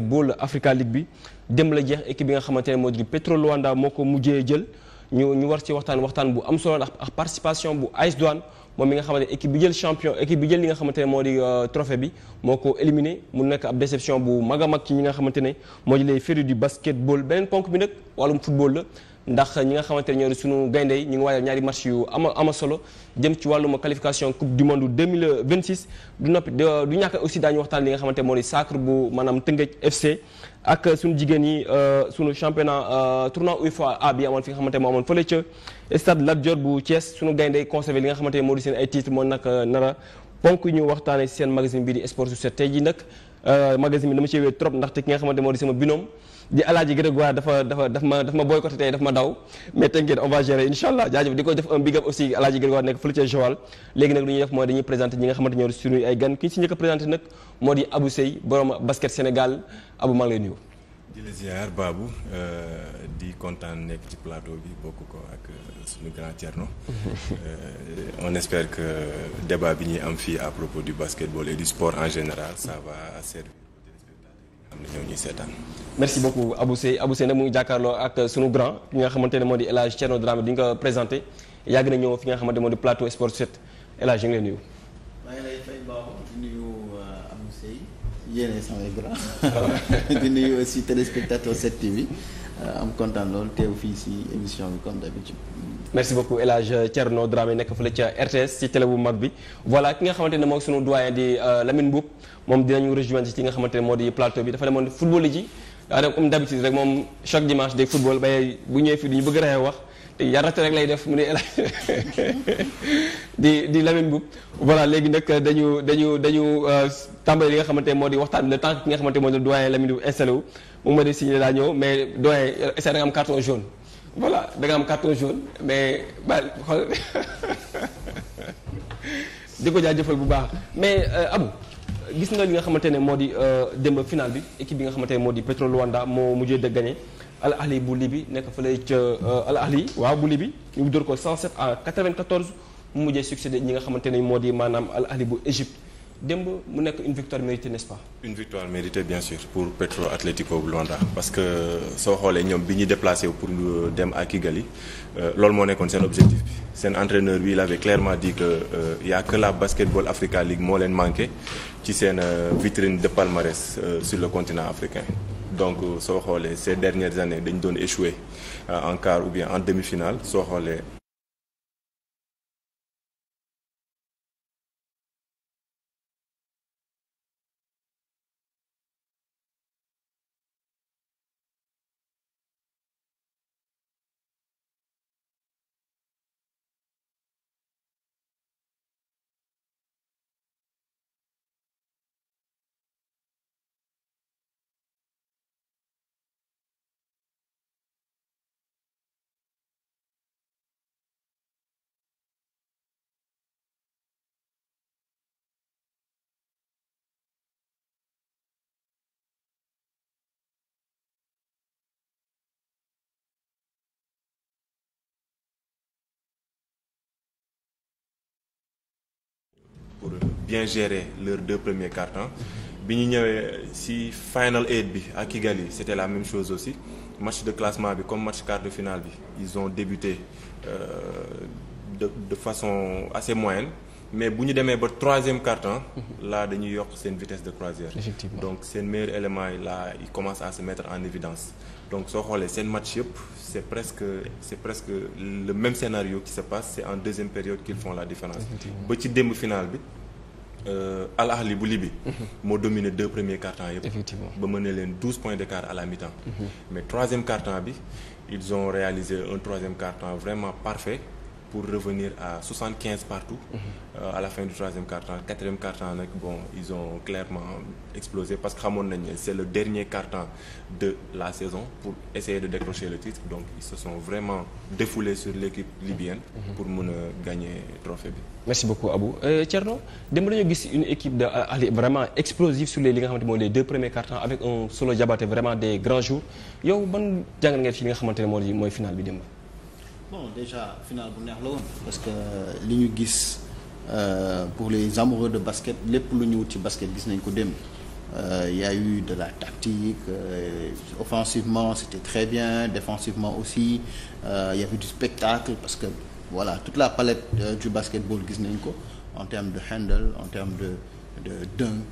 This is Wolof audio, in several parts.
bool Africa League bi dem la jeex équipe bi nga xamante ne moo di Petro Luanda moo ko mujjee jël ñu ñu war ci waxtaan waxtaan bu am solo ak participation bu AS Douanes moom mi nga xamante ne équipe bi jël champion équipe bi jël li nga xamante ne moo di euh, trophée bi moo ko éliminé mu nekk ab déception bu mag a mag ci ñi nga xamante ne moo di les férus du basketball beneen ponk bi nag wàllum football la ndax ñi nga xamante ne ñoo di sunu gaynde yi ñu ngi ñaari match yu ama ama solo jëm ci wàllum qualification coupe du monde 2026 du noppi du ñàkk aussi daañu waxtaan li nga xamante moo di sacre bu maanaam Tëngéej FC ak sunu jigéen yi euh, sunu championnat euh, tournoi UEFA A bi amoon fi nga xamante moo amoon fële ca stade Lat bu Thiès sunu gaynde yi conservé li nga xamante moo di seen ay titre moo nag nara ponk ñu waxtaanee seen magazine bi di sport sur 7 tey jii nag euh, magazine bi dama ci wéet trop ndaxte ki nga xamante moo di sama binôme di Alaaji Grégoire dafa dafa daf ma daf ma tey daf ma daw mais tënkee on va gérer incha allah jaajëf di ko def un big up aussi Alaaji Grégoire nekk fële ca Joal léegi nag lu ñuy def mooy dañuy présenté ñi nga xamante ñoo di ay gan ki si njëkk a présenté nag moo di Abou Seye borom basket Sénégal Abou maa di la ziar Babou euh, di kontaan nekk ci plateau bi bokk ko ak euh, suñu grand Thierno. Euh, on espère que débat bi ñuy am fii à propos du basketball et du sport en général ça va servir. ñoo ñuy seetaan. merci beaucoup Abou Seye Abou mu ngi jàkkaarloo ak sunu grand ki nga xamante ne moo di El Hadj Thierno Dramé di nga ko présenté yàgg na ñëw fi nga xamante moo di plateau sport 7 El Hadj ñu ngi lay nuyu. yéene samay grand di nuyu aussi téléspectateur 7TV euh, am kontaan loolu teew fii si émission bi comme d'habitude merci beaucoup El Hadj Thierno Dramé nekk fële ca RTS ci télé bu mag bi voilà ki nga xamante ne mooy sunu doyen di euh, Lamine Mboup moom dinañu rejoindre ci nga xamante ne moo di plateau bi dafa demoon football ji daa dem comme d'habitude rek moom chaque dimanche day football bay bu ñëwee fii du ñu bëgg a wax yarate rek lay def mu ne di di bu voilà léegi nag dañu dañu dañu euh, tàmbali li nga xamante moo di waxtaan le temps ki nga xamante moo di doyen Lamine Mboup installé wu mu ma di signé daa ñëw mais doyen da nga am carton jaune voilà am carton jaune mais ba di ko jaajëfal bu baax mais euh, Abou gis nga li nga xamante ne moo di euh, démb final bi équipe bi nga xamante ne moo di Petro Luanda moo mujjee de gagné Al Ahli bu Libi nekk fa fële ca euh, Al Ahli waaw bu Libi ñu dóor ko 107 à 94 mu mujjee succédé ñi nga xamante ne moo di maanaam Al Ahli bu Égypte démb mu nekk une victoire méritée n'est-ce pas. une victoire méritée bien sûr pour Petro Atlético Luanda parce que soo xoolee ñoom bi ñu déplacé pour euh, dem à Kigali euh, loolu moo nekkoon seen objectif seen entraîneur bi il avait clairement dit que euh, la Basketball Africa League moo leen manqué ci seen vitrine de palmarès euh, sur le continent africain. donc soo xoolee ces dernières années dañu doon échoué euh, en quart ou bien en demi-finale soo xoolee pour bien gérer leurs deux premiers cartons bi ñu ñëwee ci final eight bi à Kigali c'était la même chose aussi match de classement bi comme match quart de finale bi ils ont débuté euh, de de façon assez moyenne. mais bu ñu demee ba troisième carton. Mhm. là dañuy yokk seen vitesse de croisière. effectivement donc seen meilleur élément yi là il commence à se mettre en évidence donc soo xoolee seen match yëpp c' presque c' est presque le même scénario qui se passe c' en deuxième période qu'ils font la différence. ba ci démb final bi. Euh, Al Ahli bu Libi mhm. moo dominé deux premiers cartons yëpp ba mën leen douze points d'écart à la mi-temps mm -hmm. mais troisième carton bi ils ont réalisé vraiment parfait pour revenir à 75 partout. Mm -hmm. euh, à la fin du troisième quart-temps quatrième quart-temps nag bon ils ont clairement explosé parce que xamoon nañ ne c'est le dernier quart-temps de la saison pour essayer de décrocher le titre donc ils se sont vraiment défoulés sur l'équipe libyenne. Mhm. Mhm. pour mën a gagner trophée bi. merci beaucoup Abou euh, Thierno démb dañoo gis une équipe de euh, allez, vraiment explosive sur les li nga xamante mooy les deux premiers quart-temps avec un Solo Diabaté vraiment des grands nga xamante ne moo di mooy finale bi démb. bon déjà final bu neex la woon parce que euh, li ñu gis euh, pour les amoureux de basket lépp lu ñu wut ci basket gis nañ ko dem euh, y a eu de la tactique euh, offensivement c'était très bien défensivement aussi euh, il y du spectacle parce que voilà toute la palette euh, du basketball gis nañ ko en termes de handle en termes de de dunk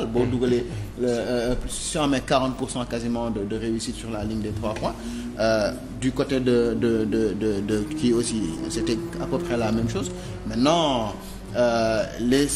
Sénégal boo dugalee euh, euh, si on met 40 pour cent quasiment de de réussite sur la ligne des trois points euh, du côté de de de de de kii aussi c'était à peu près la même chose maintenant les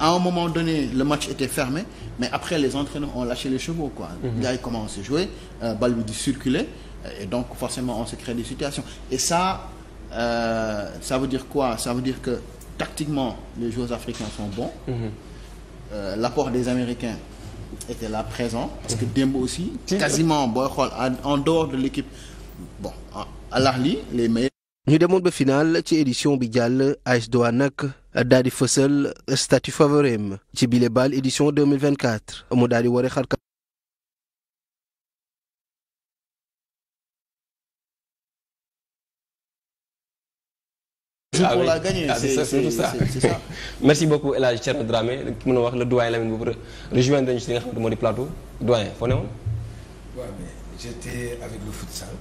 à un moment donné le match était fermé mais après les entraîneurs ont lâché les chevaux quoi. Mhm. gars yi commencé jouer bal bi et donc forcément on se crée des situations et ça euh, veut dire quoi ça veut dire que tactiquement les joueurs africains sont bons. Mhm. euh, l'apport des Américains était là présent parce que mhm. démb aussi quasiment booy xool en dehors de l'équipe bon Al Ahly les meilleurs ñu demoon ba final ci édition bi jàll AS Douanes nak daal di fësal statut favori ci bile bal édition 2024 mu daal di ware a tout pour la gagner ah, c'est ça merci beaucoup El Hadj Thierno Dramé ki mën a wax le doyen Lamine boobu rejoindre nañu si li nga plateau doyen foo j'étais avec le futsal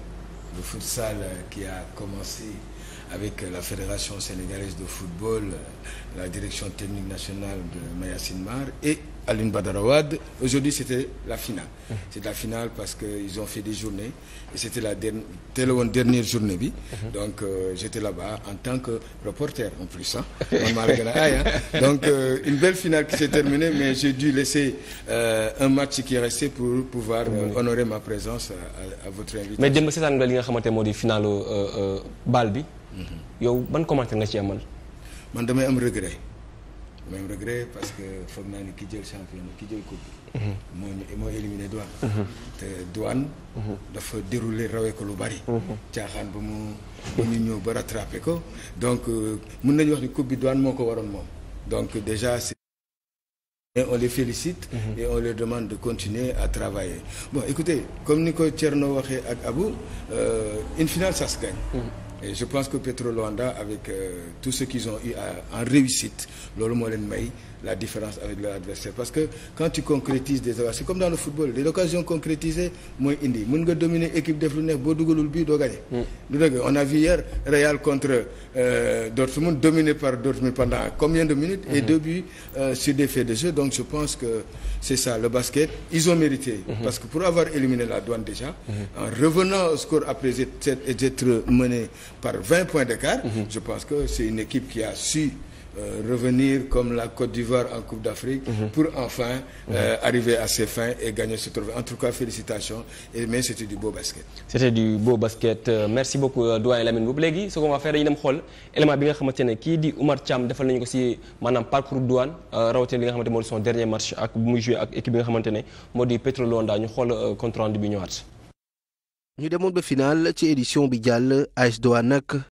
le futsal euh, qui a commencé avec euh, la Fédération sénégalaise de football euh, la direction technique nationale de Mayacine Mar et Aline Badarawad. Aujourd'hui, c'était la finale. C'est la finale parce qu'ils ont fait des journées. Et c'était la dernière, dernière bi Donc, euh, j'étais là-bas en tant que reporter, en plus. Hein. Donc, euh, une belle finale qui s'est terminée, mais j'ai dû laisser euh, un match qui est resté pour pouvoir euh, honorer ma présence à, à, à votre invitation. Mais demain, c'est la bi mhm. yow Yo, ban commentaire nga ci amal man damay am regret même regret parce que foog naa ni ki jël champion ki jël coupe mhm. moo ñu moo mhm. te douane mhm. dafa déroulé rawee ko lu bari caaxaan ba mu ba ñu ñëw ba rattrapé ko donc euh, mën nañu wax ni coupe bi douane moo ko waroon moom donc déjà c'est et on les félicite et on leur demande de continuer à travailler bon écoutez comme ni ko Thierno waxee ak Abou euh, une finale ça se et je pense que Petrolanda avec euh, tout qu'ils ont eu en réussite loolu moo may la différence avec leur adversaire parce que quand tu concrétises des avancées comme dans le football des occasions concrétisées mooy indi mën nga dominer équipe def lu neex boo dugalul bii doo mm. a euh, pendant combien de minutes. Mm-hmm. et deux buts euh, des faits de jeu donc je pense que c'est ça le basket ils ont mérité. Mm-hmm. parce que pour avoir éliminé la douane déjà. Mm-hmm. en revenant par vingt points d'écart. Mm -hmm. Je pense que c'est une équipe qui a su euh, revenir comme la Côte d'Ivoire en Coupe d'Afrique mhm. pour enfin mhm. euh, arriver à ses fins et gagner ce trophée. En tout cas, félicitations et mais c'était du beau basket. C'était du beau basket. Euh, merci beaucoup euh, doyen Lamine boobu léegi ce bi nga xamante ne kii di Oumar Thiam defal nañu ko ci maanaam parcours douane rawatina li nga xamante moo di son dernier match ak bu muy joué ak équipe bi nga xamante ne moo di Petrolanda ñu xool compte rendu bi ñëwaat. ñu demoon ba final ci édition bi jàll AS Douanes nag